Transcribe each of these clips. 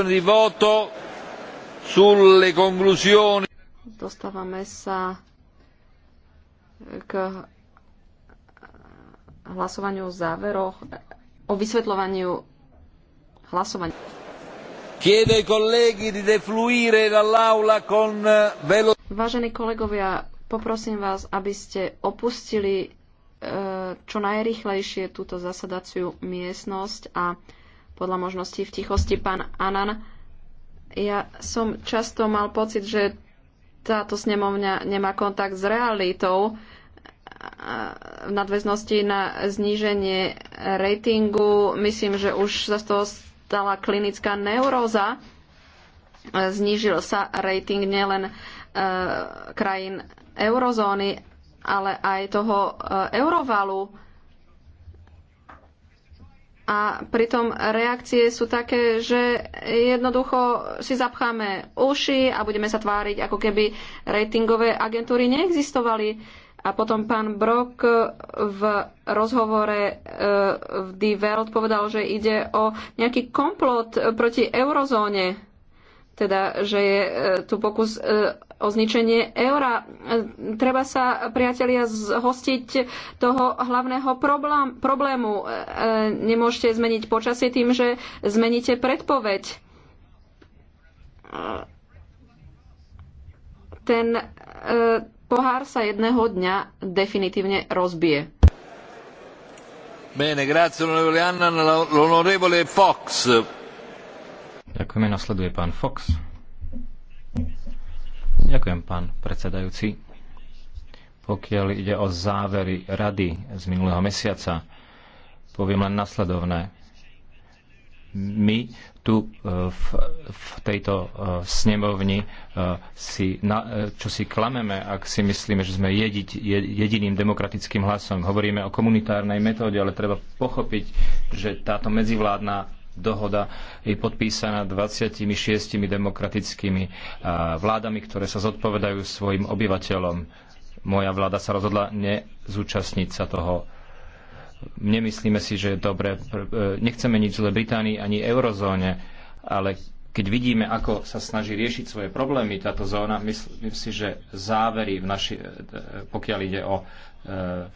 di voto sulle conclusioni. Dostávame sa k hlasovaniu o záveroch, o vysvetľovaniu hlasovania. Chiedo ai colleghi di defluire dall'aula con eh, velo... Vážení kolegovia, poprosím vás, aby ste opustili eh, čo najrychlejšie túto zasadaciu miestnosť a podľa možností v tichosti pán Anan. Ja som často mal pocit, že táto snemovňa nemá kontakt s realitou v nadväznosti na zníženie ratingu. Myslím, že už sa z toho stala klinická neuróza. Znížil sa rating nielen e, krajín eurozóny, ale aj toho e, eurovalu a pritom reakcie sú také, že jednoducho si zapcháme uši a budeme sa tváriť, ako keby ratingové agentúry neexistovali. A potom pán Brok v rozhovore e, v The World povedal, že ide o nejaký komplot proti eurozóne teda, že je e, tu pokus e, o zničenie eura. E, treba sa, priatelia, zhostiť toho hlavného problém, problému. Nemôžete zmeniť počasie tým, že zmeníte predpoveď. Ten pohár sa jedného dňa definitívne rozbije. Bene, grazie Anna, l'onorevole Fox. Ďakujeme. Nasleduje pán Fox. Ďakujem, pán predsedajúci. Pokiaľ ide o závery rady z minulého mesiaca, poviem len nasledovné. My tu e, v, v tejto e, snemovni e, si, na, čo si klameme, ak si myslíme, že sme jediť, jediným demokratickým hlasom. Hovoríme o komunitárnej metóde, ale treba pochopiť, že táto medzivládna dohoda je podpísaná 26 demokratickými vládami, ktoré sa zodpovedajú svojim obyvateľom. Moja vláda sa rozhodla nezúčastniť sa toho. Nemyslíme si, že je dobre. Nechceme nič zle Británii ani eurozóne, ale keď vidíme, ako sa snaží riešiť svoje problémy táto zóna, myslím si, že závery, v naši, e, e, pokiaľ ide o e,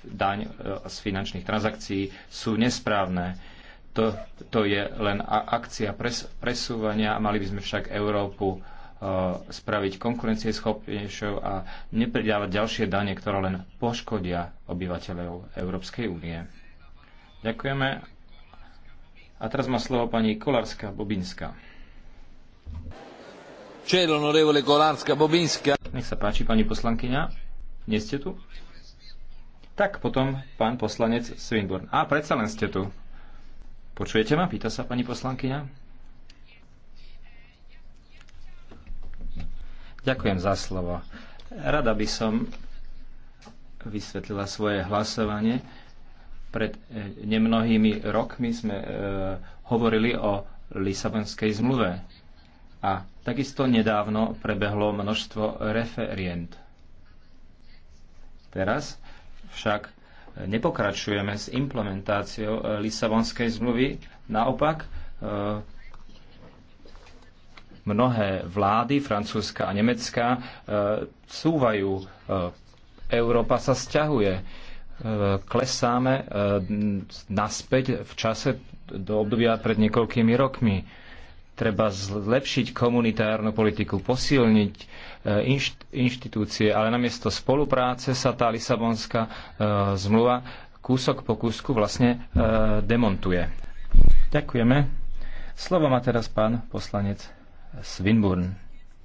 daň z finančných transakcií, sú nesprávne to, to je len akcia pres, presúvania a mali by sme však Európu e, spraviť konkurencieschopnejšou a nepridávať ďalšie dane, ktoré len poškodia obyvateľov Európskej únie. Ďakujeme. A teraz má slovo pani Kolárska Bobinská. Čer, onorevole Kolárska Bobinská. Nech sa páči, pani poslankyňa. Nie ste tu? Tak potom pán poslanec Svinborn. A predsa len ste tu. Počujete ma? Pýta sa pani poslankyňa. Ďakujem za slovo. Rada by som vysvetlila svoje hlasovanie. Pred e, nemnohými rokmi sme e, hovorili o Lisabonskej zmluve a takisto nedávno prebehlo množstvo referient. Teraz však nepokračujeme s implementáciou e, Lisabonskej zmluvy. Naopak, e, mnohé vlády, francúzska a nemecká, cúvajú. E, Európa sa stiahuje. Klesáme naspäť v čase do obdobia pred niekoľkými rokmi Treba zlepšiť komunitárnu politiku, posilniť e, inštitúcie, ale namiesto spolupráce sa tá Lisabonská e, zmluva kúsok po kúsku vlastne e, demontuje. Ďakujeme. Slovo má teraz pán poslanec Svinburn.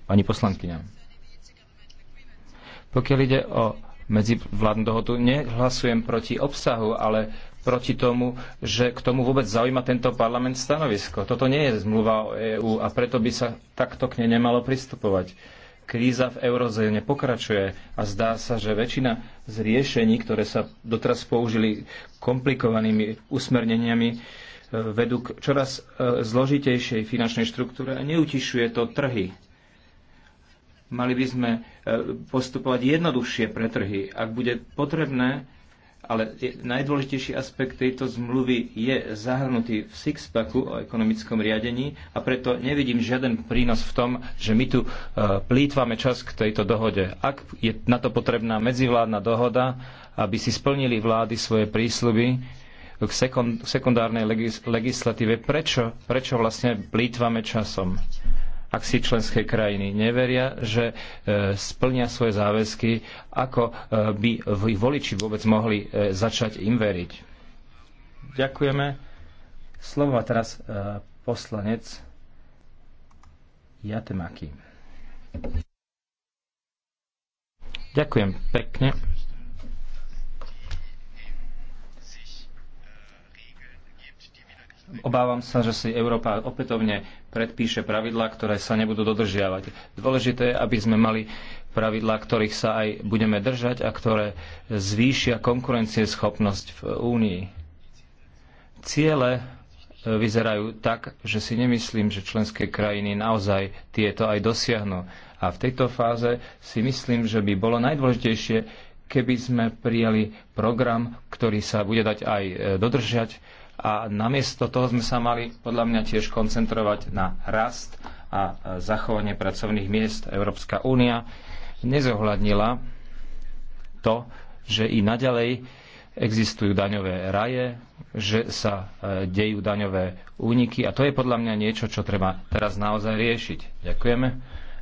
Pani poslankyňa. Pokiaľ ide o medzivládnu dohodu, nehlasujem proti obsahu, ale proti tomu, že k tomu vôbec zaujíma tento parlament stanovisko. Toto nie je zmluva o EÚ a preto by sa takto k nej nemalo pristupovať. Kríza v eurozóne pokračuje a zdá sa, že väčšina z riešení, ktoré sa doteraz použili komplikovanými usmerneniami, e, vedú k čoraz e, zložitejšej finančnej štruktúre a neutišuje to trhy. Mali by sme e, postupovať jednoduchšie pre trhy. Ak bude potrebné, ale najdôležitejší aspekt tejto zmluvy je zahrnutý v Sixpacku o ekonomickom riadení a preto nevidím žiaden prínos v tom, že my tu e, plýtvame čas k tejto dohode. Ak je na to potrebná medzivládna dohoda, aby si splnili vlády svoje prísľuby k sekundárnej legislatíve, prečo, prečo vlastne plýtvame časom? ak si členské krajiny neveria, že e, splnia svoje záväzky, ako e, by ich voliči vôbec mohli e, začať im veriť. Ďakujeme. Slovo má teraz poslanec Jatemaki. Ďakujem pekne. Obávam sa, že si Európa opätovne predpíše pravidlá, ktoré sa nebudú dodržiavať. Dôležité je, aby sme mali pravidlá, ktorých sa aj budeme držať a ktoré zvýšia konkurencieschopnosť v Únii. Ciele e, vyzerajú tak, že si nemyslím, že členské krajiny naozaj tieto aj dosiahnu. A v tejto fáze si myslím, že by bolo najdôležitejšie, keby sme prijali program, ktorý sa bude dať aj e, dodržať, a namiesto toho sme sa mali podľa mňa tiež koncentrovať na rast a zachovanie pracovných miest. Európska únia nezohľadnila to, že i naďalej existujú daňové raje, že sa e, dejú daňové úniky a to je podľa mňa niečo, čo treba teraz naozaj riešiť. Ďakujeme.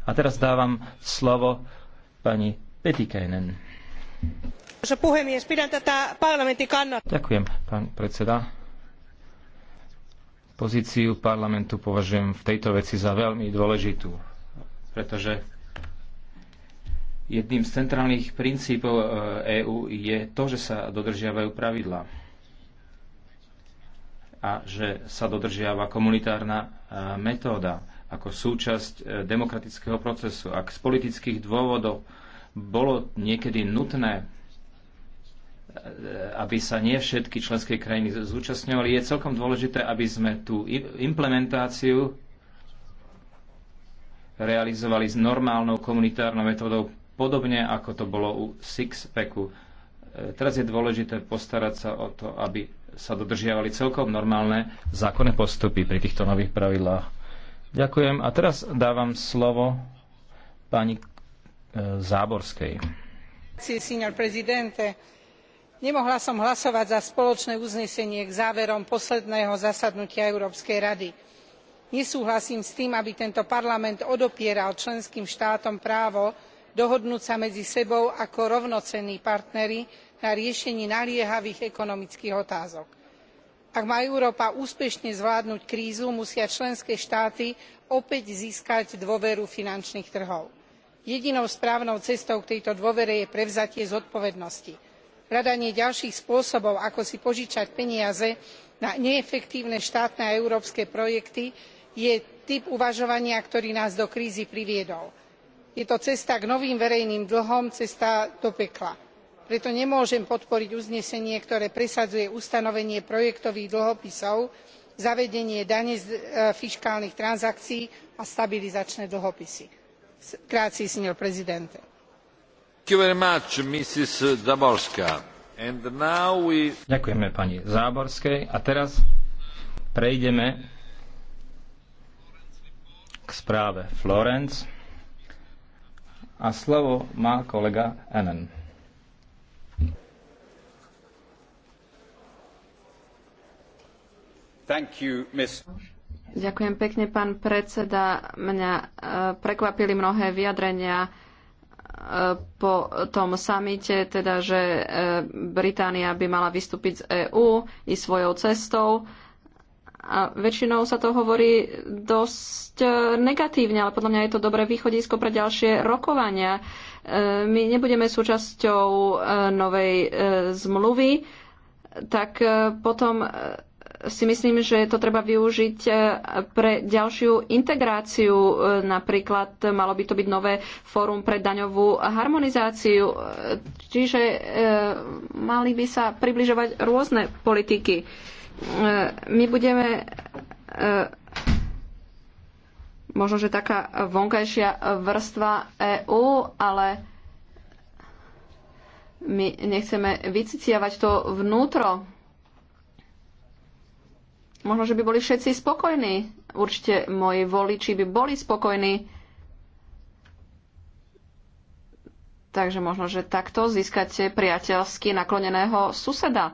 A teraz dávam slovo pani Petikainen. Ďakujem, pán predseda Pozíciu parlamentu považujem v tejto veci za veľmi dôležitú, pretože jedným z centrálnych princípov EÚ e je to, že sa dodržiavajú pravidlá a že sa dodržiava komunitárna e, metóda ako súčasť e, demokratického procesu. Ak z politických dôvodov bolo niekedy nutné aby sa nie všetky členské krajiny zúčastňovali. Je celkom dôležité, aby sme tú implementáciu realizovali s normálnou komunitárnou metodou, podobne ako to bolo u Six packu. E, teraz je dôležité postarať sa o to, aby sa dodržiavali celkom normálne zákonné postupy pri týchto nových pravidlách. Ďakujem. A teraz dávam slovo pani e, Záborskej. Signor Presidente, nemohla som hlasovať za spoločné uznesenie k záverom posledného zasadnutia európskej rady. nesúhlasím s tým aby tento parlament odopieral členským štátom právo dohodnúť sa medzi sebou ako rovnocenní partneri na riešení naliehavých ekonomických otázok. ak má európa úspešne zvládnuť krízu musia členské štáty opäť získať dôveru finančných trhov. jedinou správnou cestou k tejto dôvere je prevzatie zodpovednosti hľadanie ďalších spôsobov ako si požičať peniaze na neefektívne štátne a európske projekty je typ uvažovania ktorý nás do krízy priviedol. je to cesta k novým verejným dlhom cesta do pekla. preto nemôžem podporiť uznesenie ktoré presadzuje ustanovenie projektových dlhopisov zavedenie dane z e, fiškálnych transakcií a stabilizačné dlhopisy. Ďakujeme pani Záborskej a teraz prejdeme k správe Florence a slovo má kolega Enen. You, Ďakujem pekne, pán predseda. Mňa eh, prekvapili mnohé vyjadrenia po tom samite, teda, že e, Británia by mala vystúpiť z EÚ i svojou cestou. A väčšinou sa to hovorí dosť e, negatívne, ale podľa mňa je to dobré východisko pre ďalšie rokovania. E, my nebudeme súčasťou novej zmluvy, tak potom si myslím, že to treba využiť e, pre ďalšiu integráciu. E, napríklad malo by to byť nové fórum pre daňovú harmonizáciu. E, čiže mali by sa približovať rôzne politiky. My budeme možno, že taká vonkajšia vrstva EÚ, ale my nechceme vyciciavať to vnútro Možno, že by boli všetci spokojní. Určite moji voliči by boli spokojní. Takže možno, že takto získate priateľsky nakloneného suseda.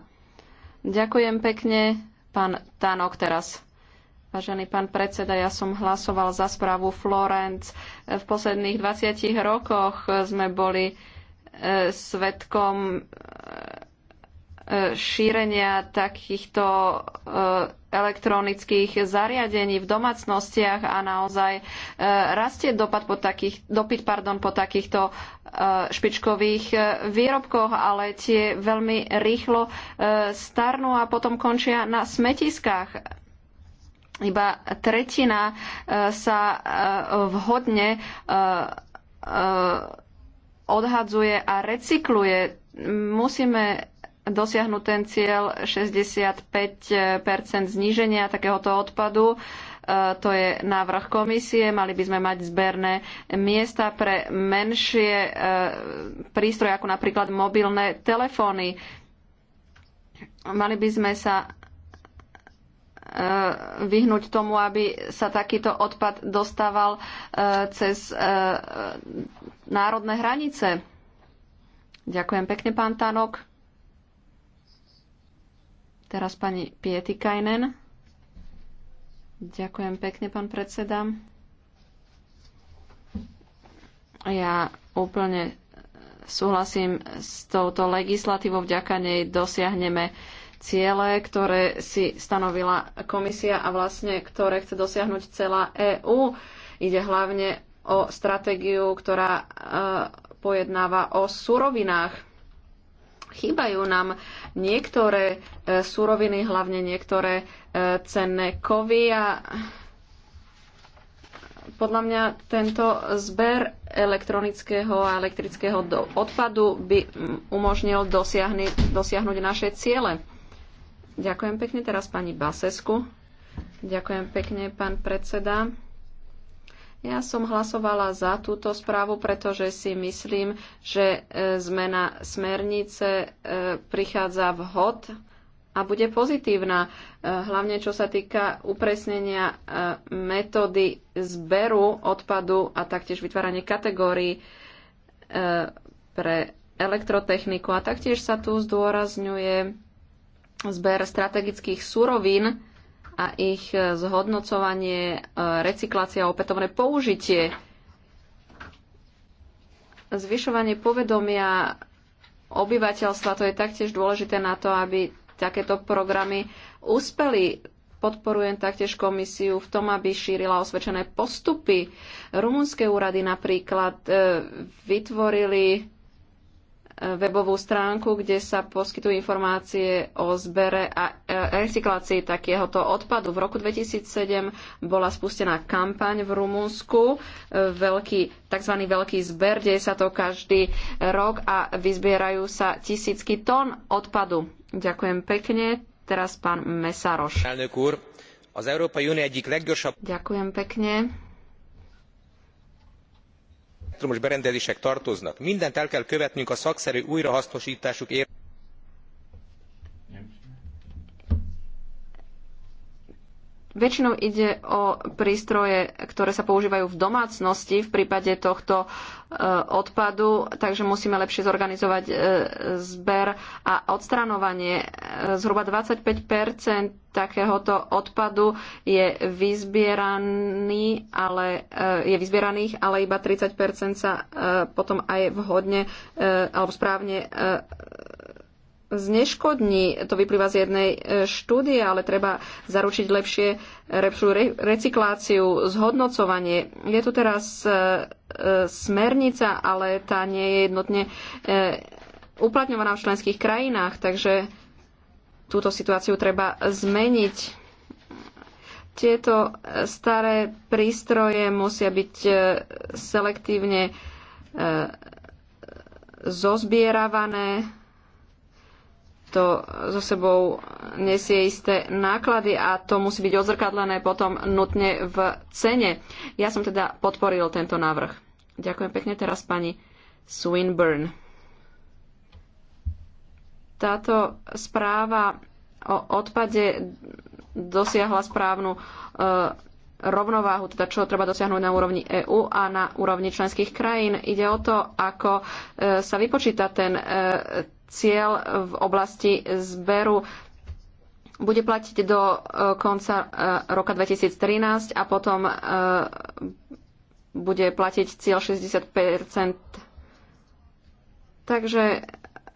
Ďakujem pekne, pán Tanok teraz. Vážený pán predseda, ja som hlasoval za správu Florence. V posledných 20 rokoch sme boli e, svetkom e, e, šírenia takýchto elektronických zariadení v domácnostiach a naozaj e, rastie dopad po takých, dopyt pardon, po takýchto e, špičkových e, výrobkoch, ale tie veľmi rýchlo starnú a potom končia na smetiskách iba tretina sa vhodne odhadzuje a recykluje. Musíme dosiahnuť ten cieľ 65 zníženia takéhoto odpadu. E, to je návrh komisie. Mali by sme mať zberné miesta pre menšie e, prístroje, ako napríklad mobilné telefóny. Mali by sme sa e, vyhnúť tomu, aby sa takýto odpad dostával cez národné hranice. Ďakujem pekne, pán Tanok. Teraz pani Pietikainen. Ďakujem pekne, pán predseda. Ja úplne súhlasím s touto legislatívou. Vďaka nej dosiahneme ciele, ktoré si stanovila komisia a vlastne ktoré chce dosiahnuť celá EÚ. Ide hlavne o stratégiu, ktorá eh, pojednáva o surovinách chýbajú nám niektoré e, suroviny, hlavne niektoré e, cenné kovy a podľa mňa tento zber elektronického a elektrického odpadu by umožnil dosiahnuť naše ciele. Ďakujem pekne teraz pani Basesku. Ďakujem pekne, pán predseda. Ja som hlasovala za túto správu, pretože si myslím, že e, zmena smernice e, prichádza vhod a bude pozitívna, e, hlavne čo sa týka upresnenia metódy zberu odpadu a taktiež vytváranie kategórií pre elektrotechniku. A taktiež sa tu zdôrazňuje zber strategických surovín, a ich e, zhodnocovanie, e, recyklácia a opätovné použitie. Zvyšovanie povedomia obyvateľstva, to je taktiež dôležité na to, aby takéto programy uspeli. Podporujem taktiež komisiu v tom, aby šírila osvedčené postupy. Rumunské úrady napríklad e, vytvorili webovú stránku, kde sa poskytujú informácie o zbere a e, recyklácii takéhoto odpadu. V roku 2007 bola spustená kampaň v Rumunsku, e, veľký, tzv. veľký zber, deje sa to každý rok a vyzbierajú sa tisícky tón odpadu. Ďakujem pekne. Teraz pán Mesaroš. Ďakujem pekne elektromos berendezések tartoznak. mindent el kell követnünk a szakszerű újrahasznostásuk érdekében. Väčšinou ide o prístroje, ktoré sa používajú v domácnosti v prípade tohto e, odpadu, takže musíme lepšie zorganizovať e, zber a odstranovanie. E, zhruba 25 takéhoto odpadu je vyzbieraný, ale je vyzbieraných, ale iba 30 sa potom aj vhodne alebo správne zneškodní. To vyplýva z jednej e, štúdie, ale treba zaručiť lepšie lepšiu recikláciu, zhodnocovanie. Je tu teraz e, e, smernica, ale tá nie je jednotne uplatňovaná v členských krajinách, takže túto situáciu treba zmeniť. Tieto staré prístroje musia byť selektívne zozbieravané, to so sebou nesie isté náklady a to musí byť odzrkadlené potom nutne v cene. Ja som teda podporil tento návrh. Ďakujem pekne teraz pani Swinburne. Táto správa o odpade dosiahla správnu e, rovnováhu, teda čo treba dosiahnuť na úrovni EÚ a na úrovni členských krajín. Ide o to, ako e, sa vypočíta ten e, cieľ v oblasti zberu bude platiť do e, konca e, roka 2013 a potom e, bude platiť cieľ 60 Takže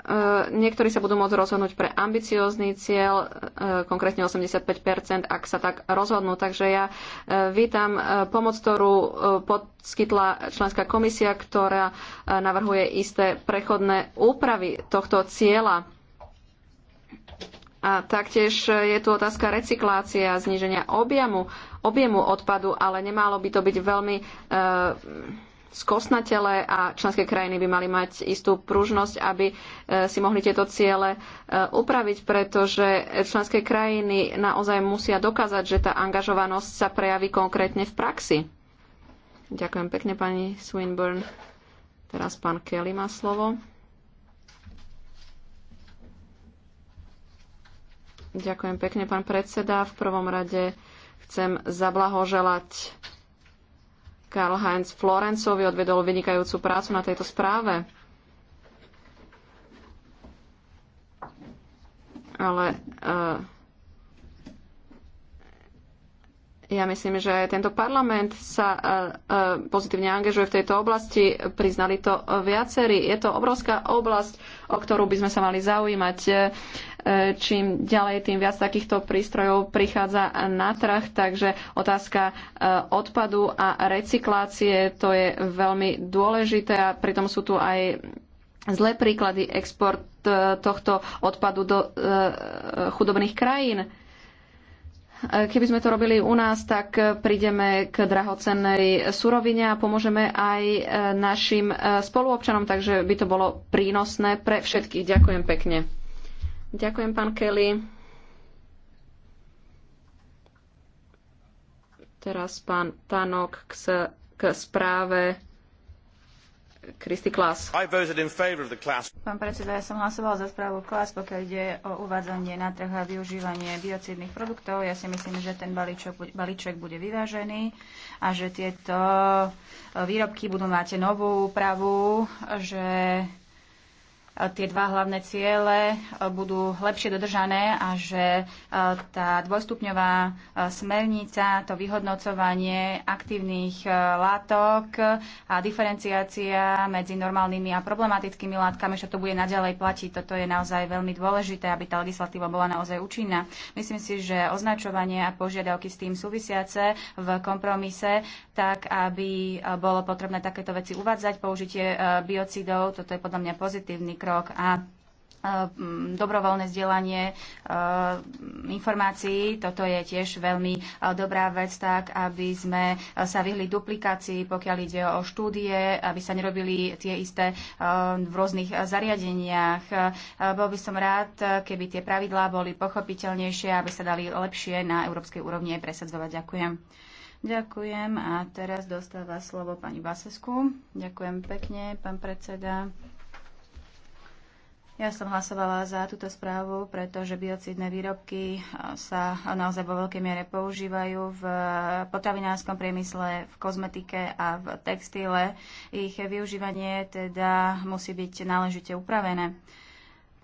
E, niektorí sa budú môcť rozhodnúť pre ambiciózny cieľ, e, konkrétne 85%, ak sa tak rozhodnú. Takže ja e, vítam pomoc, ktorú podskytla členská komisia, ktorá navrhuje isté prechodné úpravy tohto cieľa. A taktiež je tu otázka recyklácia, zníženia objemu, objemu odpadu, ale nemalo by to byť veľmi uh, skosnatele a členské krajiny by mali mať istú pružnosť, aby e, si mohli tieto ciele e, upraviť, pretože členské krajiny naozaj musia dokázať, že tá angažovanosť sa prejaví konkrétne v praxi. Ďakujem pekne, pani Swinburne. Teraz pán Kelly má slovo. Ďakujem pekne, pán predseda. V prvom rade chcem zablahoželať Karl-Heinz Florencovi odvedol vynikajúcu prácu na tejto správe. Ale uh, Ja myslím, že tento parlament sa e, e, pozitívne angažuje v tejto oblasti. Priznali to viacerí. Je to obrovská oblasť, o ktorú by sme sa mali zaujímať. E, čím ďalej, tým viac takýchto prístrojov prichádza na trh, takže otázka odpadu a recyklácie, to je veľmi dôležité a pritom sú tu aj zlé príklady export tohto odpadu do chudobných krajín Keby sme to robili u nás, tak prídeme k drahocennej surovine a pomôžeme aj e, našim e, spoluobčanom, takže by to bolo prínosné pre všetkých. Ďakujem pekne. Ďakujem, pán Kelly. Teraz pán Tanok k, k správe Pán predseda, ja som hlasoval za správu Klas, pokiaľ ide o uvádzanie na trh a využívanie biocidných produktov. Ja si myslím, že ten balíček bude vyvážený a že tieto výrobky budú mať novú úpravu, že tie dva hlavné ciele e, budú lepšie dodržané a že e, tá dvojstupňová e, smernica, to vyhodnocovanie aktívnych látok a diferenciácia medzi normálnymi a problematickými látkami, že to bude naďalej platiť. Toto je naozaj veľmi dôležité, aby tá legislatíva bola naozaj účinná. Myslím si, že označovanie a požiadavky s tým súvisiace v kompromise, tak aby bolo potrebné takéto veci uvádzať, použitie biocidov, toto je podľa mňa pozitívny krok krok a e, dobrovoľné vzdielanie e, informácií. Toto je tiež veľmi e, dobrá vec, tak aby sme sa vyhli duplikácii, pokiaľ ide o štúdie, aby sa nerobili tie isté v rôznych zariadeniach. Bol by som rád, keby tie pravidlá boli pochopiteľnejšie, aby sa dali lepšie na európskej úrovni presadzovať. Ďakujem. Ďakujem a teraz dostáva slovo pani Basesku. Ďakujem pekne, pán predseda. Ja som hlasovala za túto správu, pretože biocidné výrobky sa naozaj vo veľkej miere používajú v potravinárskom priemysle, v kozmetike a v textile. Ich využívanie teda musí byť náležite upravené.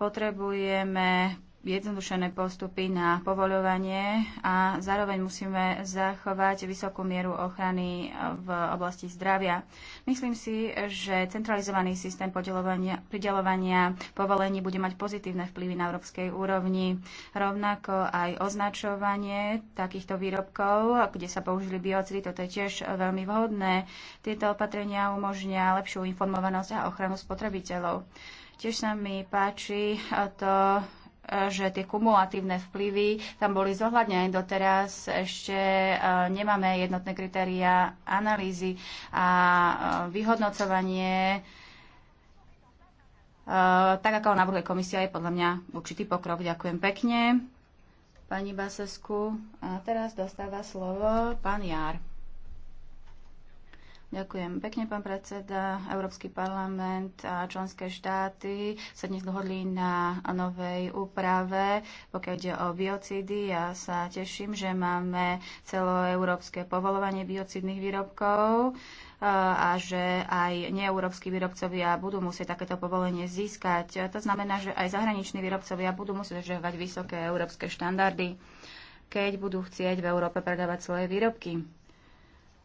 Potrebujeme jednodušené postupy na povoľovanie a zároveň musíme zachovať vysokú mieru ochrany v oblasti zdravia. Myslím si, že centralizovaný systém pridelovania povolení bude mať pozitívne vplyvy na európskej úrovni. Rovnako aj označovanie takýchto výrobkov, kde sa použili biocidy, toto je tiež veľmi vhodné. Tieto opatrenia umožnia lepšiu informovanosť a ochranu spotrebiteľov. Tiež sa mi páči to, že tie kumulatívne vplyvy tam boli aj doteraz. Ešte e, nemáme jednotné kritéria analýzy a e, vyhodnocovanie e, tak ako navrhuje komisia, je podľa mňa určitý pokrok. Ďakujem pekne. Pani Basesku. A teraz dostáva slovo pán Jár. Ďakujem pekne, pán predseda. Európsky parlament a členské štáty sa dnes dohodli na novej úprave, pokiaľ ide o biocidy. Ja sa teším, že máme celoeurópske povolovanie biocidných výrobkov a že aj neeurópsky výrobcovia budú musieť takéto povolenie získať. To znamená, že aj zahraniční výrobcovia budú musieť zažívať vysoké európske štandardy, keď budú chcieť v Európe predávať svoje výrobky.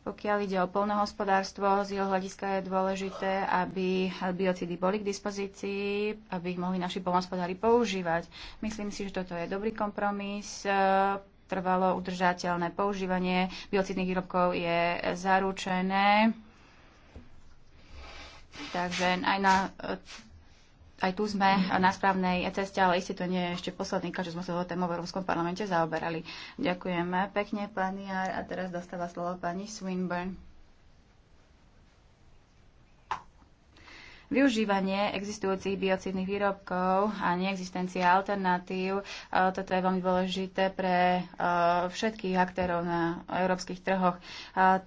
Pokiaľ ide o polnohospodárstvo, z jeho hľadiska je dôležité, aby biocidy boli k dispozícii, aby ich mohli naši polnohospodári používať. Myslím si, že toto je dobrý kompromis. E, trvalo udržateľné používanie biocidných výrobkov je zaručené. Takže aj na e, aj tu sme na správnej ceste, ale isté to nie je ešte posledný krát, že sme sa do tému v Európskom parlamente zaoberali. Ďakujeme pekne, pani Jar. A teraz dostáva slovo pani Swinburne. Využívanie existujúcich biocidných výrobkov a neexistencia alternatív, e, toto je veľmi dôležité pre e, všetkých aktérov na európskych trhoch. E,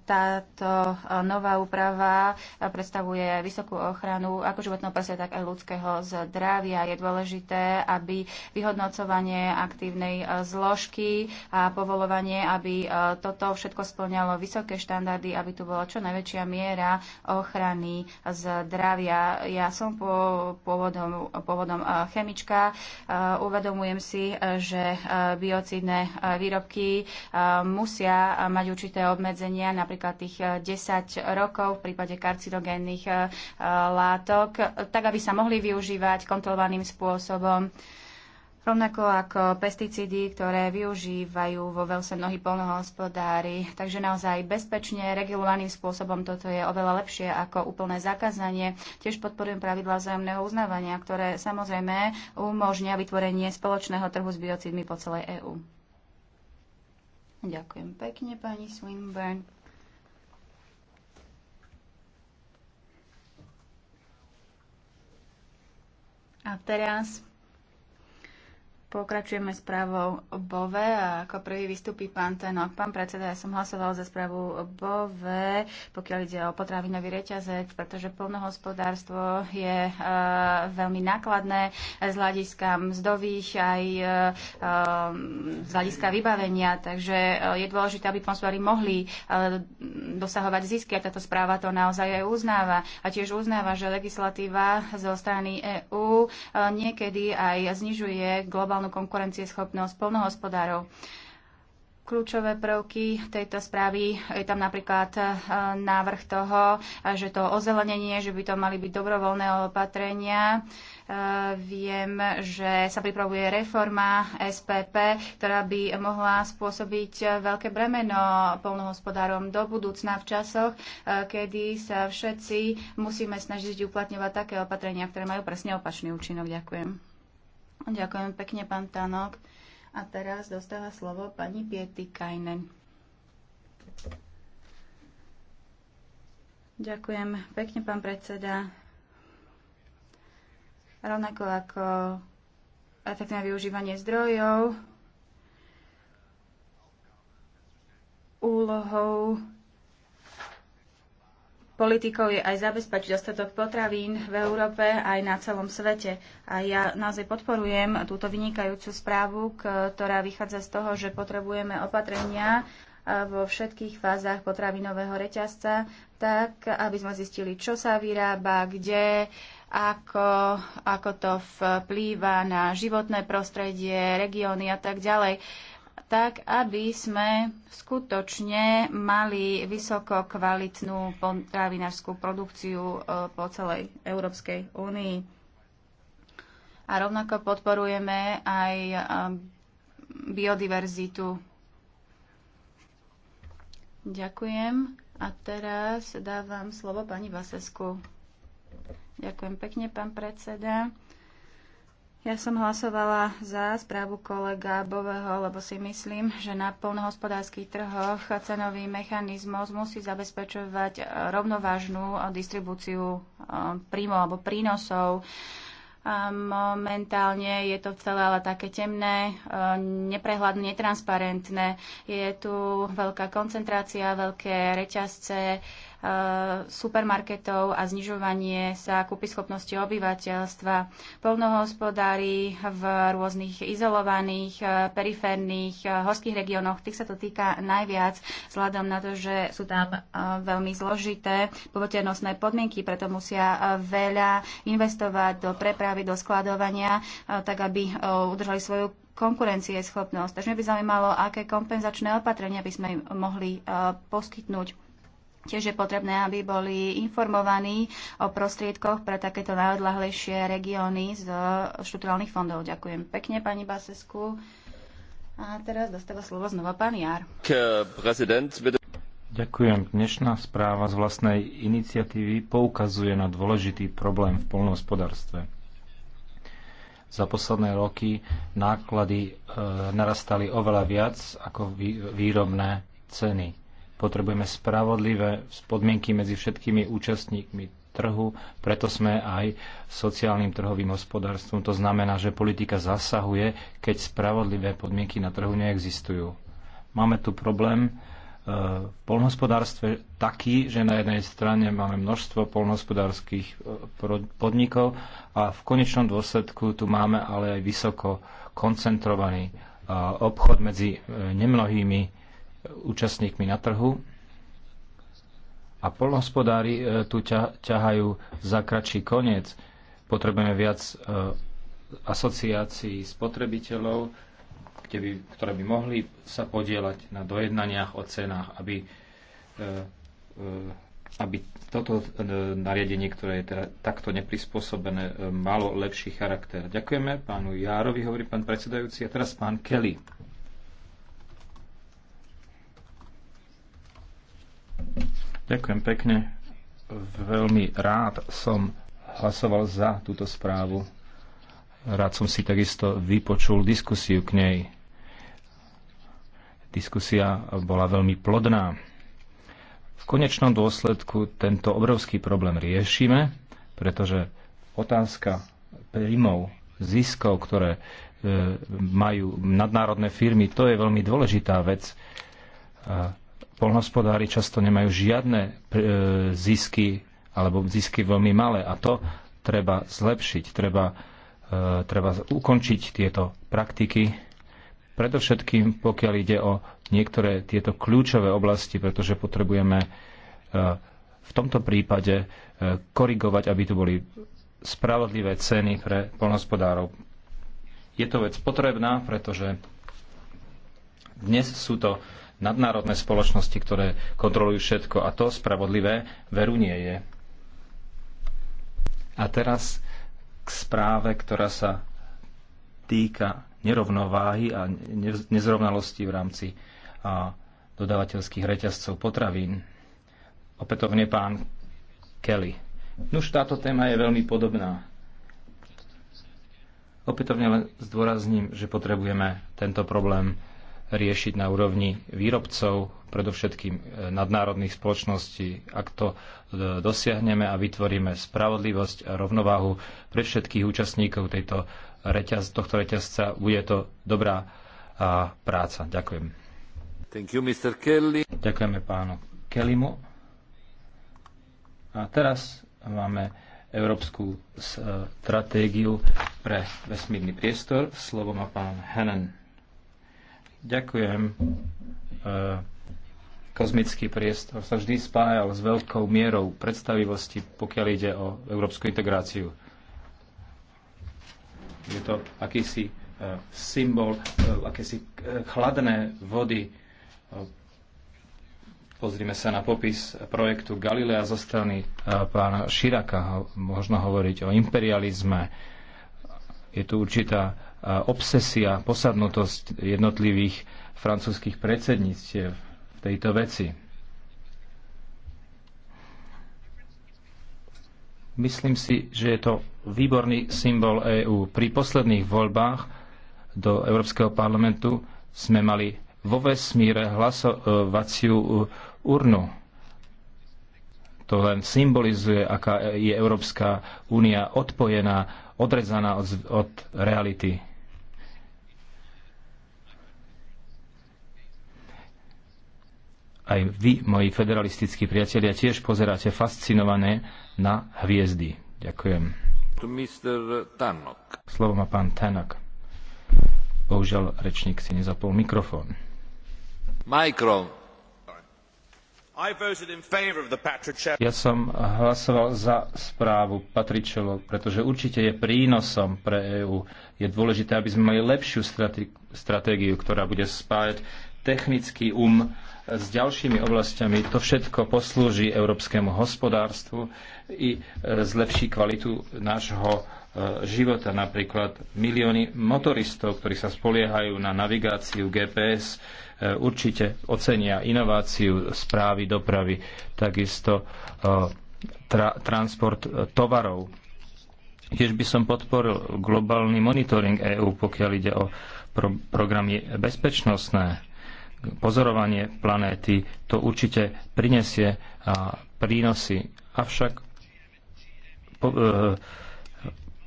táto nová úprava predstavuje vysokú ochranu ako životného prostredia, tak aj ľudského zdravia. Je dôležité, aby vyhodnocovanie aktívnej zložky a povolovanie, aby toto všetko splňalo vysoké štandardy, aby tu bola čo najväčšia miera ochrany zdravia ja som po, pôvodom, pôvodom eh, chemička, eh, uvedomujem si, eh, že biocidné výrobky musia mať určité obmedzenia, napríklad tých 10 rokov v prípade karcinogénnych látok, tak aby sa mohli využívať kontrolovaným spôsobom rovnako ako pesticídy, ktoré využívajú vo veľce mnohí polnohospodári. Takže naozaj bezpečne, regulovaným spôsobom toto je oveľa lepšie ako úplné zakázanie. Tiež podporujem pravidla vzájomného uznávania, ktoré samozrejme umožnia vytvorenie spoločného trhu s biocidmi po celej EÚ. Ďakujem pekne, pani Swinburne. A teraz Pokračujeme právou Bove a ako prvý vystupí pán Tenok. Pán predseda, ja som hlasoval za správu Bove, pokiaľ ide o potravinový reťazec, pretože plnohospodárstvo je e, veľmi nákladné z hľadiska mzdových aj e, e z hľadiska vybavenia, takže e, je dôležité, aby pospodári mohli e, dosahovať zisky a táto správa to naozaj aj uznáva. A tiež uznáva, že legislatíva zo strany EÚ e, niekedy aj znižuje globálne globálnu konkurencieschopnosť polnohospodárov. Kľúčové prvky tejto správy je tam napríklad e, návrh toho, e, že to ozelenenie, že by to mali byť dobrovoľné opatrenia. E, viem, že sa pripravuje reforma SPP, ktorá by mohla spôsobiť veľké bremeno polnohospodárom do budúcna v časoch, kedy sa všetci musíme snažiť uplatňovať také opatrenia, ktoré majú presne opačný účinok. Ďakujem. Ďakujem pekne, pán Tanok. A teraz dostáva slovo pani Piety Kajnen. Ďakujem pekne, pán predseda. Rovnako ako efektné využívanie zdrojov, úlohou politikou je aj zabezpečiť dostatok potravín v Európe aj na celom svete. A ja naozaj podporujem túto vynikajúcu správu, ktorá vychádza z toho, že potrebujeme opatrenia e, vo všetkých fázach potravinového reťazca, tak aby sme zistili, čo sa vyrába, kde, ako, ako to vplýva na životné prostredie, regióny a tak ďalej. Uh, tak aby sme skutočne mali vysoko kvalitnú potravinárskú produkciu e, po celej Európskej únii. A rovnako podporujeme aj e, biodiverzitu. Ďakujem. A teraz dávam slovo pani Vasesku. Ďakujem pekne, pán predseda. Ja som hlasovala za správu kolega Bového, lebo si myslím, že na polnohospodárských trhoch cenový mechanizmus musí zabezpečovať rovnovážnu distribúciu eh, príjmov alebo prínosov. Momentálne je to celé ale také temné, eh, neprehľadné, netransparentné. Je tu veľká koncentrácia, veľké reťazce, Eh, supermarketov a znižovanie sa kúpyschopnosti obyvateľstva. Polnohospodári v rôznych izolovaných, eh, periférnych, eh, horských regiónoch, tých sa to týka najviac, vzhľadom na to, že sú tam veľmi zložité povotenosné podmienky, preto musia veľa investovať do prepravy, do skladovania, tak aby udržali svoju schopnosť. Takže mňa by zaujímalo, aké kompenzačné opatrenia by sme im mohli poskytnúť. Tiež je potrebné, aby boli informovaní o prostriedkoch pre takéto najodlahlejšie regióny z štruktúrálnych fondov. Ďakujem pekne, pani Basesku. A teraz dostáva slovo znova pán Jar. Ďakujem. Dnešná správa z vlastnej iniciatívy poukazuje na dôležitý problém v polnohospodárstve. Za posledné roky náklady e, narastali oveľa viac ako výrobné ceny Potrebujeme spravodlivé podmienky medzi všetkými účastníkmi trhu, preto sme aj sociálnym trhovým hospodárstvom. To znamená, že politika zasahuje, keď spravodlivé podmienky na trhu neexistujú. Máme tu problém e, v polnohospodárstve taký, že na jednej strane máme množstvo polnohospodárských e, podnikov a v konečnom dôsledku tu máme ale aj vysoko koncentrovaný e, obchod medzi nemnohými účastníkmi na trhu a polnohospodári e, tu ťahajú za kratší koniec. Potrebujeme viac e, asociácií spotrebiteľov, kde by, ktoré by mohli sa podielať na dojednaniach o cenách, aby, e, aby toto nariadenie, ktoré je teda takto neprispôsobené, malo lepší charakter. Ďakujeme pánu Járovi, hovorí pán predsedajúci, a teraz pán Kelly. Ďakujem pekne. Veľmi rád som hlasoval za túto správu. Rád som si takisto vypočul diskusiu k nej. Diskusia bola veľmi plodná. V konečnom dôsledku tento obrovský problém riešime, pretože otázka príjmov, ziskov, ktoré e, majú nadnárodné firmy, to je veľmi dôležitá vec polnospodári často nemajú žiadne e, zisky alebo zisky veľmi malé a to treba zlepšiť, treba, e, treba ukončiť tieto praktiky, predovšetkým pokiaľ ide o niektoré tieto kľúčové oblasti, pretože potrebujeme e, v tomto prípade korigovať, aby tu boli spravodlivé ceny pre polnospodárov. Je to vec potrebná, pretože dnes sú to nadnárodné spoločnosti, ktoré kontrolujú všetko. A to spravodlivé veru nie je. A teraz k správe, ktorá sa týka nerovnováhy a nezrovnalosti v rámci dodávateľských dodavateľských reťazcov potravín. Opätovne pán Kelly. Nuž táto téma je veľmi podobná. Opätovne len zdôrazním, že potrebujeme tento problém riešiť na úrovni výrobcov, predovšetkým e, nadnárodných spoločností. Ak to e, dosiahneme a vytvoríme spravodlivosť a rovnováhu pre všetkých účastníkov tejto reťaz, tohto reťazca, bude to dobrá e, práca. Ďakujem. Thank you, Mr. Kelly. Ďakujeme pánu Kellymu. A teraz máme európsku stratégiu pre vesmírny priestor. Slovo má pán Hennen. Ďakujem. E, kozmický priestor sa vždy spájal s veľkou mierou predstavivosti, pokiaľ ide o európsku integráciu. Je to akýsi e, symbol, e, akési chladné vody. Pozrime sa na popis projektu Galilea zo strany pána Širaka. Možno hovoriť o imperializme, je tu určitá obsesia, posadnutosť jednotlivých francúzských predsedníctiev v tejto veci. Myslím si, že je to výborný symbol EÚ. Pri posledných voľbách do Európskeho parlamentu sme mali vo vesmíre hlasovaciu e, urnu. To len symbolizuje, aká je Európska únia odpojená odrezaná od, od reality. Aj vy, moji federalistickí priatelia, tiež pozeráte fascinované na hviezdy. Ďakujem. Slovo má pán Tanok. Bohužiaľ, rečník si nezapol mikrofón. Mikrofón. Ja som hlasoval za správu Patričelo, pretože určite je prínosom pre EÚ. Je dôležité, aby sme mali lepšiu stratégiu, ktorá bude spájať technický um s ďalšími oblastiami. To všetko poslúži európskemu hospodárstvu i e, zlepší kvalitu nášho e, života. Napríklad milióny motoristov, ktorí sa spoliehajú na navigáciu GPS, určite ocenia inováciu správy dopravy, takisto e, tra, transport e, tovarov. Tiež by som podporil globálny monitoring EÚ, pokiaľ ide o pro, programy bezpečnostné, pozorovanie planéty, to určite prinesie a, prínosy. Avšak po, e,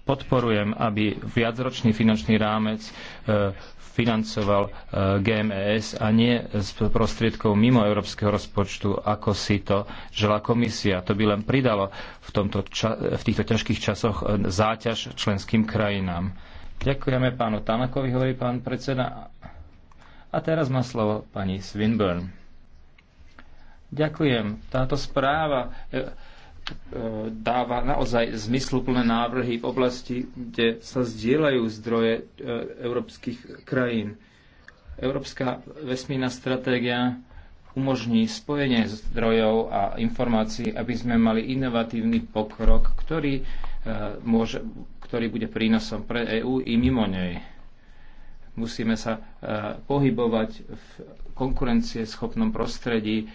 podporujem, aby viacročný finančný rámec e, financoval eh, GMES a nie z prostriedkov mimo európskeho rozpočtu, ako si to žela komisia. To by len pridalo v, tomto, v týchto ťažkých časoch eh, záťaž členským krajinám. Ďakujeme pánu Tanakovi, hovorí pán predseda. A teraz má slovo pani Swinburne. Ďakujem. Táto správa eh, E, dáva naozaj zmysluplné návrhy v oblasti, kde sa zdieľajú zdroje e, európskych krajín. Európska vesmírna stratégia umožní spojenie zdrojov a informácií, aby sme mali inovatívny pokrok, ktorý, e, môže, ktorý bude prínosom pre EÚ i mimo nej. Musíme sa pohybovať v konkurencieschopnom prostredí,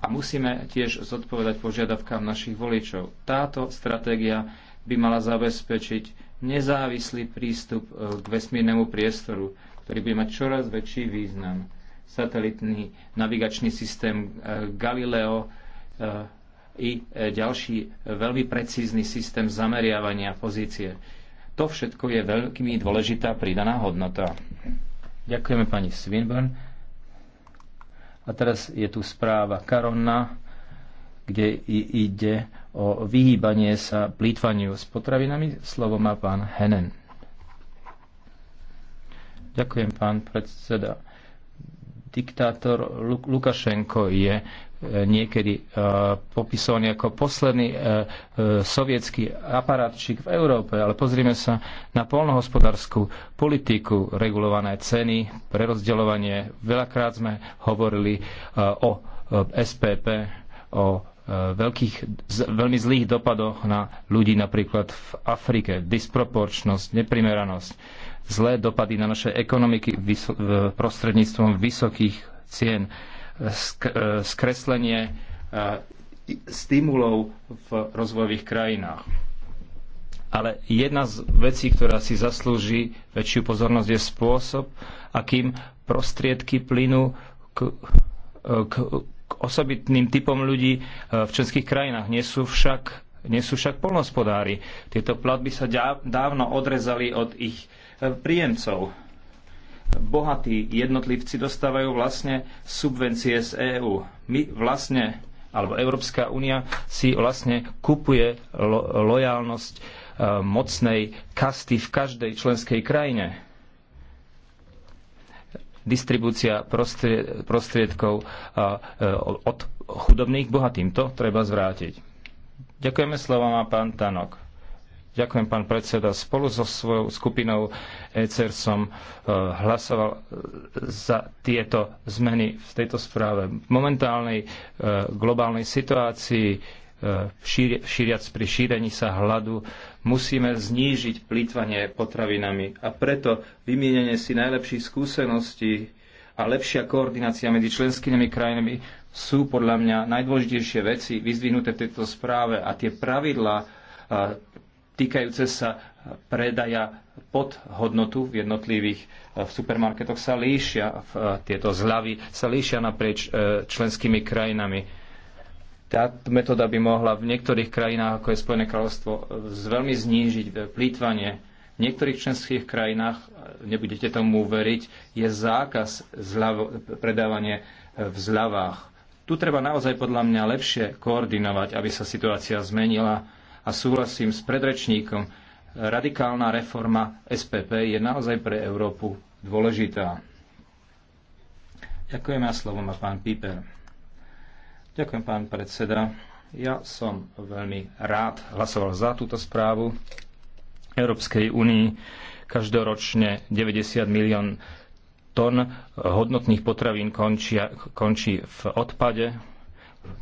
a musíme tiež zodpovedať požiadavkám našich voličov. Táto stratégia by mala zabezpečiť nezávislý prístup e, k vesmírnemu priestoru, ktorý by mať čoraz väčší význam. Satelitný navigačný systém e, Galileo e, i ďalší veľmi precízny systém zameriavania pozície. To všetko je veľmi dôležitá pridaná hodnota. Ďakujeme pani Swinburne. A teraz je tu správa Karonna, kde ide o vyhýbanie sa plýtvaniu s potravinami. Slovo má pán Henen. Ďakujem, pán predseda. Diktátor Lukašenko je E, niekedy e, popisovaný ako posledný e, sovietský aparátčik v Európe, ale pozrime sa na polnohospodárskú politiku, regulované ceny, prerozdeľovanie. Veľakrát sme hovorili o SPP, o veľkých, veľmi zlých dopadoch na ľudí napríklad v Afrike. Disproporčnosť, neprimeranosť, zlé dopady na naše ekonomiky prostredníctvom vysokých cien E, skreslenie e, stimulov v rozvojových krajinách. Ale jedna z vecí, ktorá si zaslúži väčšiu pozornosť, je spôsob, akým prostriedky plynú k, e, k, k osobitným typom ľudí v členských krajinách. Nie sú však, nie sú však polnospodári. Tieto platby sa dávno odrezali od ich príjemcov bohatí jednotlivci dostávajú vlastne subvencie z EÚ. My vlastne, alebo Európska únia si vlastne kupuje lo- lojalnosť e, mocnej kasty v každej členskej krajine. Distribúcia prostrie- prostriedkov e, e, od chudobných k bohatým. To treba zvrátiť. Ďakujeme slovo má pán Tanok. Ďakujem, pán predseda. Spolu so svojou skupinou ECR som e, hlasoval e, za tieto zmeny v tejto správe. V momentálnej e, globálnej situácii šíriac pri šírení sa hladu musíme znížiť plýtvanie potravinami a preto vymienenie si najlepších skúseností a lepšia koordinácia medzi členskými krajinami sú podľa mňa najdôležitejšie veci vyzdvihnuté v tejto správe a tie pravidlá týkajúce sa predaja pod hodnotu v jednotlivých eh, v supermarketoch sa líšia, eh, tieto zľavy sa líšia naprieč eh, členskými krajinami. Tá metóda by mohla v niektorých krajinách, ako je Spojené kráľovstvo, veľmi znížiť plýtvanie. V niektorých členských krajinách, nebudete tomu veriť, je zákaz zľavo, predávanie v zľavách. Tu treba naozaj podľa mňa lepšie koordinovať, aby sa situácia zmenila a súhlasím s predrečníkom, radikálna reforma SPP je naozaj pre Európu dôležitá. Ďakujem a slovo má pán Piper. Ďakujem, pán predseda. Ja som veľmi rád hlasoval za túto správu. Európskej únii každoročne 90 milión tón hodnotných potravín končia, končí v odpade.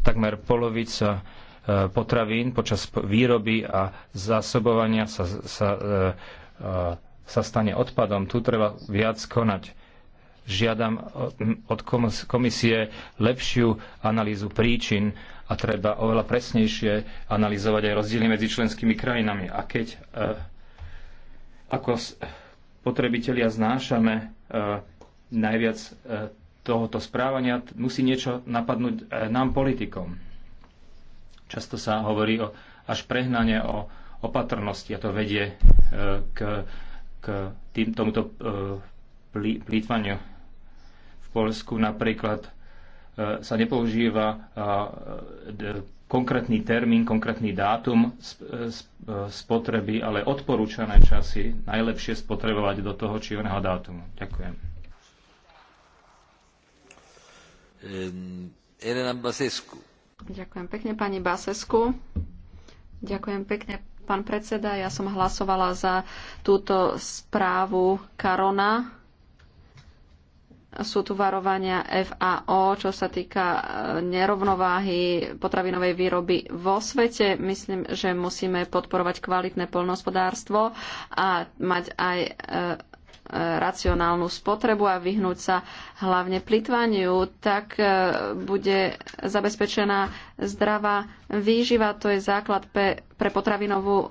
Takmer polovica Eh, potravín počas výroby a zásobovania sa, sa, eh, eh, sa stane odpadom. Tu treba viac konať. Žiadam od komisie lepšiu analýzu príčin a treba oveľa presnejšie analyzovať aj rozdiely medzi členskými krajinami. A keď ako potrebitelia znášame najviac tohoto správania, musí niečo napadnúť nám politikom Často sa hovorí o, až prehnane o opatrnosti a to vedie e, k, k tým, tomuto e, plýtvaniu. V Polsku napríklad e, sa nepoužíva konkrétny termín, konkrétny dátum spotreby, ale odporúčané časy najlepšie spotrebovať do toho či oného dátumu. Ďakujem. Elena Basescu. Ďakujem pekne pani Basesku. Ďakujem pekne pán predseda. Ja som hlasovala za túto správu Karona. Sú tu varovania FAO, čo sa týka e, nerovnováhy potravinovej výroby vo svete. Myslím, že musíme podporovať kvalitné poľnohospodárstvo a mať aj e, racionálnu spotrebu a vyhnúť sa hlavne plitvaniu, tak e, bude zabezpečená zdravá výživa. To je základ pre, pre potravinovú e,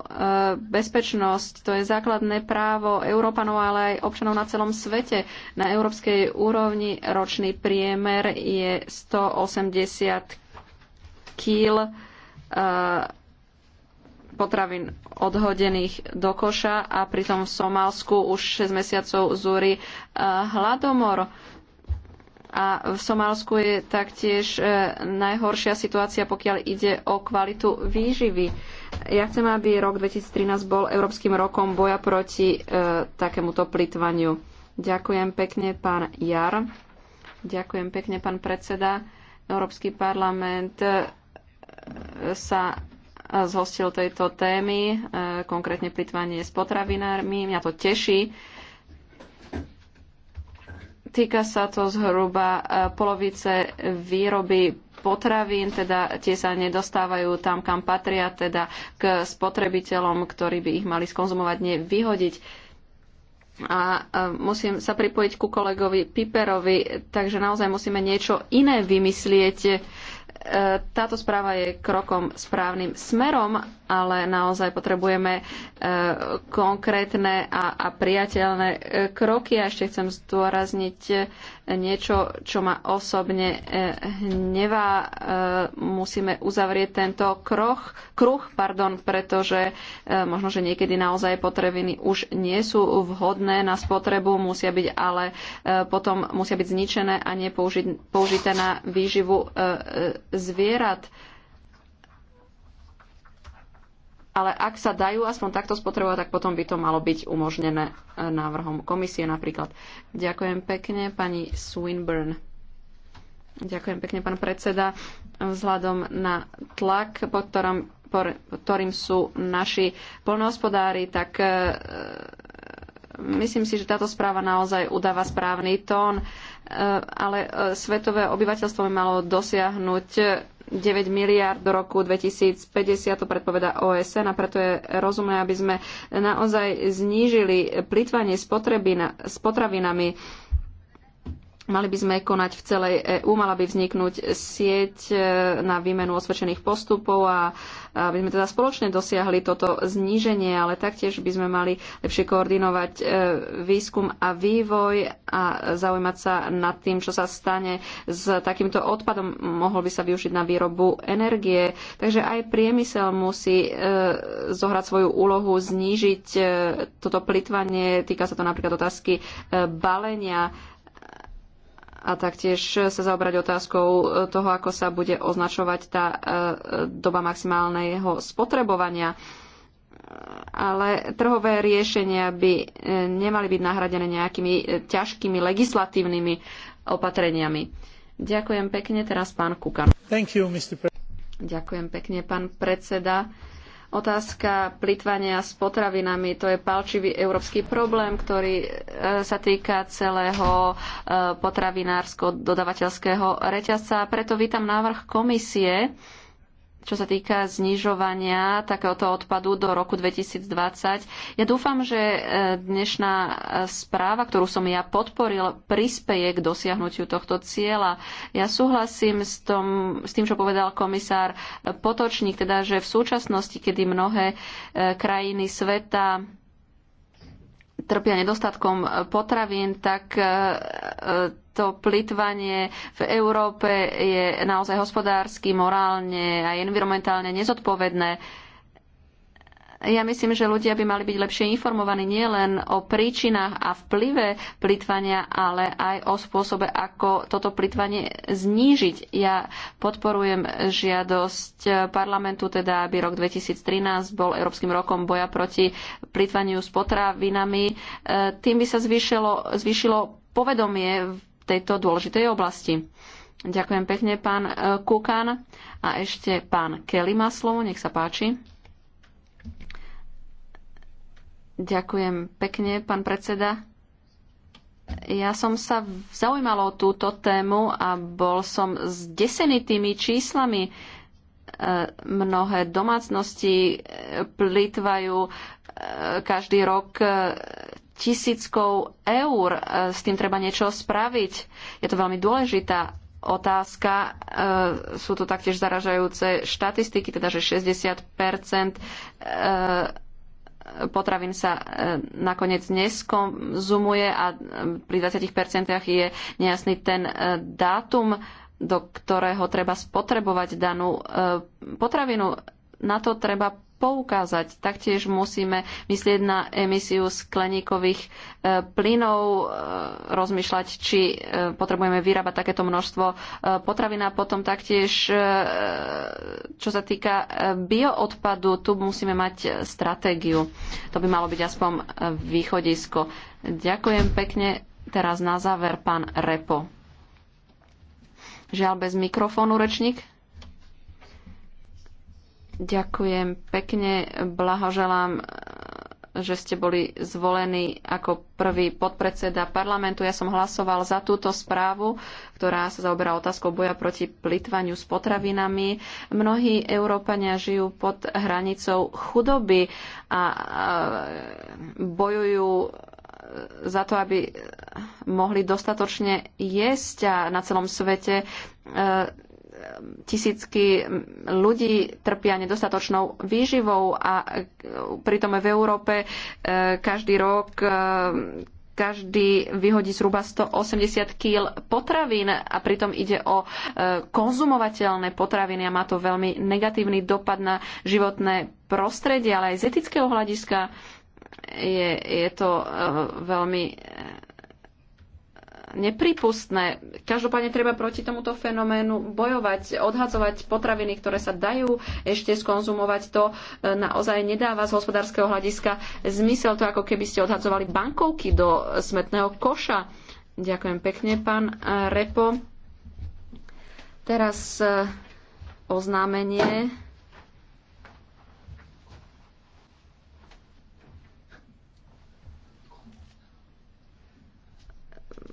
bezpečnosť. To je základné právo Európanov, ale aj občanov na celom svete. Na európskej úrovni ročný priemer je 180 kg potravín odhodených do koša a pritom v Somálsku už 6 mesiacov zúri eh, hladomor. A v Somálsku je taktiež eh, najhoršia situácia, pokiaľ ide o kvalitu výživy. Ja chcem, aby rok 2013 bol Európskym rokom boja proti e, takémuto plitvaniu. Ďakujem pekne, pán Jar. Ďakujem pekne, pán predseda. Európsky parlament sa zhostil tejto témy, e, konkrétne plitvanie s potravinármi. Mňa to teší. Týka sa to zhruba e, polovice výroby potravín, teda tie sa nedostávajú tam, kam patria, teda k spotrebiteľom, ktorí by ich mali skonzumovať, nevyhodiť. A e, musím sa pripojiť ku kolegovi Piperovi, takže naozaj musíme niečo iné vymyslieť E, táto správa je krokom správnym smerom ale naozaj potrebujeme e, konkrétne a, a priateľné e, kroky. A ešte chcem zdôrazniť e, niečo, čo ma osobne hnevá. Musíme uzavrieť tento kroch, kruh, pardon, pretože možno, že niekedy naozaj potrebiny už nie sú vhodné na spotrebu, musia byť ale potom musia byť zničené a nepoužité na výživu zvierat ale ak sa dajú aspoň takto spotrebovať, tak potom by to malo byť umožnené e, návrhom komisie napríklad. Ďakujem pekne, pani Swinburne. Ďakujem pekne, pán predseda. Vzhľadom na tlak, pod ktorom, pod ktorým sú naši polnohospodári, tak e, myslím si, že táto správa naozaj udáva správny tón, e, ale e, svetové obyvateľstvo by malo dosiahnuť 9 miliard do roku 2050, to predpoveda OSN a preto je rozumné, aby sme naozaj znížili plýtvanie s potravinami Mali by sme konať v celej EÚ, mala by vzniknúť sieť e, na výmenu osvedčených postupov a aby sme teda spoločne dosiahli toto zníženie, ale taktiež by sme mali lepšie koordinovať e, výskum a vývoj a zaujímať sa nad tým, čo sa stane s takýmto odpadom. Mohol by sa využiť na výrobu energie. Takže aj priemysel musí e, zohrať svoju úlohu, znížiť toto plitvanie. Týka sa to napríklad otázky balenia a taktiež sa zaobrať otázkou e, toho, ako sa bude označovať tá e, doba maximálneho spotrebovania. E, ale trhové riešenia by nemali byť nahradené nejakými ťažkými legislatívnymi opatreniami. Ďakujem pekne teraz pán Kukan. You, Ďakujem pekne, pán predseda. Otázka plitvania s potravinami, to je palčivý európsky problém, ktorý e, sa týka celého e, potravinársko-dodavateľského reťazca. Preto vítam návrh komisie, čo sa týka znižovania takéhoto odpadu do roku 2020. Ja dúfam, že e, dnešná e, správa, ktorú som ja podporil, prispeje k dosiahnutiu tohto cieľa. Ja súhlasím s, tom, s tým, čo povedal komisár e, Potočník, teda, že v súčasnosti, kedy mnohé krajiny sveta trpia nedostatkom e, potravín, tak e, e, to plitvanie v Európe je naozaj hospodársky, morálne a environmentálne nezodpovedné ja myslím, že ľudia by mali byť lepšie informovaní nielen o príčinách a vplyve plitvania, ale aj o spôsobe, ako toto plitvanie znížiť. Ja podporujem žiadosť parlamentu, teda aby rok 2013 bol Európskym rokom boja proti plitvaniu s potravinami. E, tým by sa zvýšilo, zvýšilo povedomie v tejto dôležitej oblasti. Ďakujem pekne, pán e, Kukan. A ešte pán Kelly má slovo, nech sa páči. Ďakujem pekne, pán predseda. Ja som sa zaujímala o túto tému a bol som zdesený tými číslami. E, mnohé domácnosti e, plýtvajú e, každý rok tisíckou eur. S tým treba niečo spraviť. Je to veľmi dôležitá otázka. Sú tu taktiež zaražajúce štatistiky, teda že 60 potravín sa e, nakoniec neskonzumuje a e, pri 20% je nejasný ten e, dátum, do ktorého treba spotrebovať danú potravinu. Na to treba poukázať. Taktiež musíme myslieť na emisiu skleníkových e, plynov, e, rozmýšľať, či e, potrebujeme vyrábať takéto množstvo potravina. a potom taktiež, čo sa týka bioodpadu, tu musíme mať stratégiu. To by malo byť aspoň východisko. Ďakujem pekne. Teraz na záver pán Repo. Žiaľ bez mikrofónu rečník. Ďakujem pekne, blahoželám, že ste boli zvolení ako prvý podpredseda parlamentu. Ja som hlasoval za túto správu, ktorá sa zaoberá otázkou boja proti plitvaniu s potravinami. Mnohí Európania žijú pod hranicou chudoby a bojujú za to, aby mohli dostatočne jesť a na celom svete e, tisícky ľudí trpia nedostatočnou výživou a pritom v Európe e, každý rok e, každý vyhodí zhruba 180 kg potravín a pritom ide o e, konzumovateľné potraviny a má to veľmi negatívny dopad na životné prostredie, ale aj z etického hľadiska je, je to veľmi nepripustné. Každopádne treba proti tomuto fenoménu bojovať, odhadzovať potraviny, ktoré sa dajú ešte skonzumovať. To e, naozaj nedáva z hospodárskeho hľadiska zmysel. To ako keby ste odhadzovali bankovky do e, smetného koša. Ďakujem pekne, pán e, Repo. Teraz oznámenie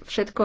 všetko